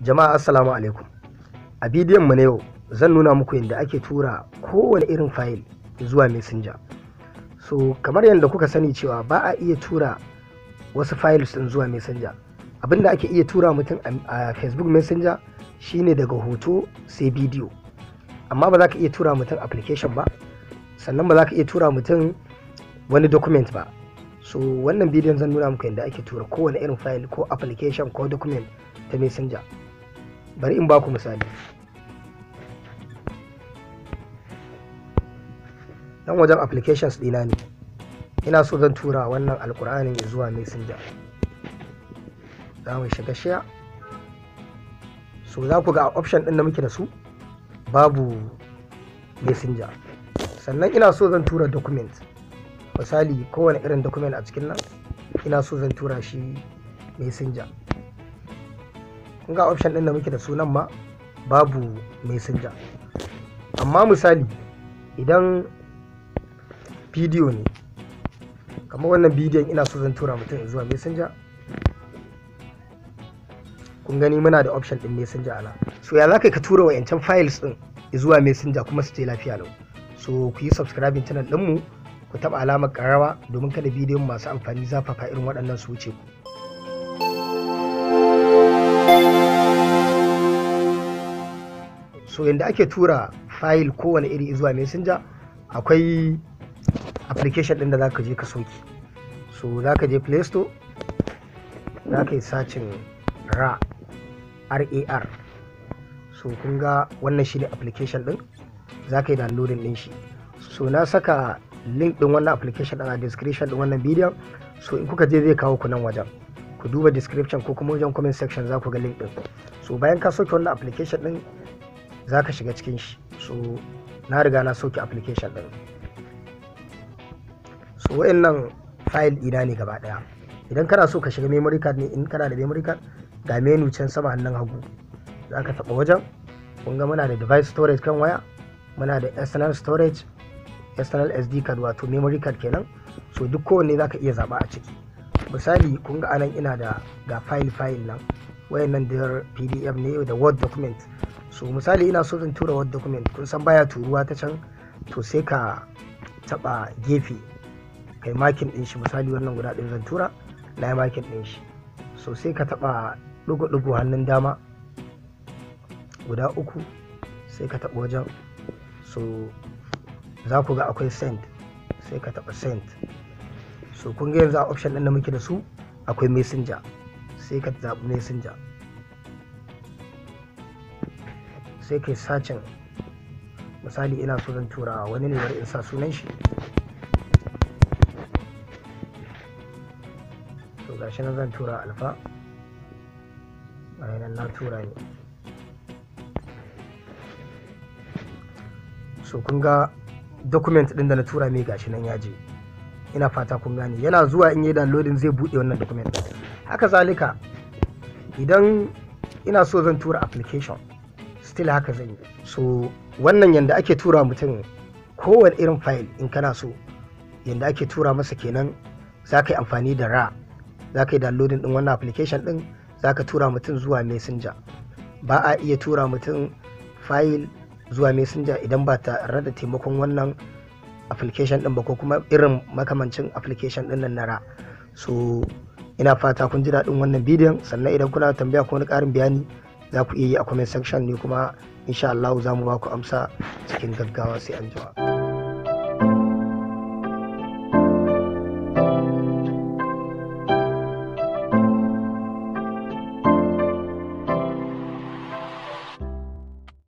Jama'a assalamu alaikum. A bidiyon mu na yau zan nuna muku yadda ake tura kowane irin fayil zuwa Messenger. So kamar yadda kuka sani cewa ba a iya tura wasu files din zuwa Messenger. Abinda ake iya tura mutum a Facebook Messenger shine daga hoto sai bidiyo. Amma ba za ka iya tura mutum application ba, sannan ba za ka iya tura mutum wani document ba. so wannan bidiyon zan nuna muku yadda ake tura kowane irin fayil ko application ko document ta messenger bari in baku misali dan wajen applications dina ne ina so zan tura wannan alkur'anin ya zuwa messenger za mu shiga share so za ku ga option din da muke da su babu messenger sannan ina so zan tura document misali kowane irin document a cikin nan ina so zan tura shi messenger kun ga option ɗin da muke da sunan ma babu messenger amma misali idan bidiyo ne kamar wannan bidiyon ina so zan tura mutum zuwa messenger kun gani muna da option din messenger ana so ya zaka ka tura wayancan files din zuwa messenger kuma su je lafiya lau so ku yi subscribing channel ɗinmu ku taɓa alamar karawa domin kada bidiyon masu amfani zafafa irin waɗannan su wuce ku so yadda ake tura fayil kowane iri zuwa messenger akwai application ɗin da za ka je ka soki so za ka je play store za ka yi sacin rar so kun ga wannan shi ne application ɗin za ka yi downloading ɗin shi so na saka link ɗin wannan application ɗin a description ɗin wannan bidiyon so in kuka je zai kawo ku nan wajen ku duba description ko kuma wajen comment section za ku ga link ɗin so bayan ka soke wannan application ɗin za ka shiga cikin shi so na riga na soke application ɗin so nan file ɗina ne gaba ɗaya idan kana so ka shiga memory card ne in kana da memory card ga menu can sama hannun hagu za ka taɓa wajen kun muna da device storage kan waya muna da external storage external sd card wato memory card kenan so duk kowanne za ka iya zaɓa a ciki misali kun ga anan ina da ga file file nan wayannan da pdf ne da word document so misali ina so zan tura wani document kun san baya turuwa ta can to sai ka taba gefe kai makin din shi misali wannan guda ɗin zan tura na yi makin din shi so sai ka taba ɗigo-ɗigo hannun dama guda uku sai ka taba wajen so za ku ga akwai send sai ka taba send so kun ga yanzu a option ɗin da muke da su akwai messenger sai ka zaɓi messenger sai kai sacin misali ina so zan tura wani ne bari in sa sunan shi to gashi nan zan tura alfa bayan na tura ne so kun ga document din da na tura mai gashi nan ya je ina fata kun gane yana zuwa in yi downloading zai buɗe wannan document haka zalika idan ina so zan tura application still haka zan yi so wannan yanda ake tura mutum kowane irin fayil in kana so yanda ake tura masa kenan za ka yi amfani da ra za ka yi downloading din wannan application din za ka tura mutum zuwa messenger ba a iya tura mutum fayil zuwa messenger idan ba tare da taimakon wannan application din ba ko kuma irin makamancin application din nan na ra so ina fata kun ji daɗin wannan bidiyon sannan idan kuna tambaya ko wani ƙarin bayani za ku iya yi a comment section ne kuma insha Allah za mu ba ku amsa cikin gaggawa sai an jima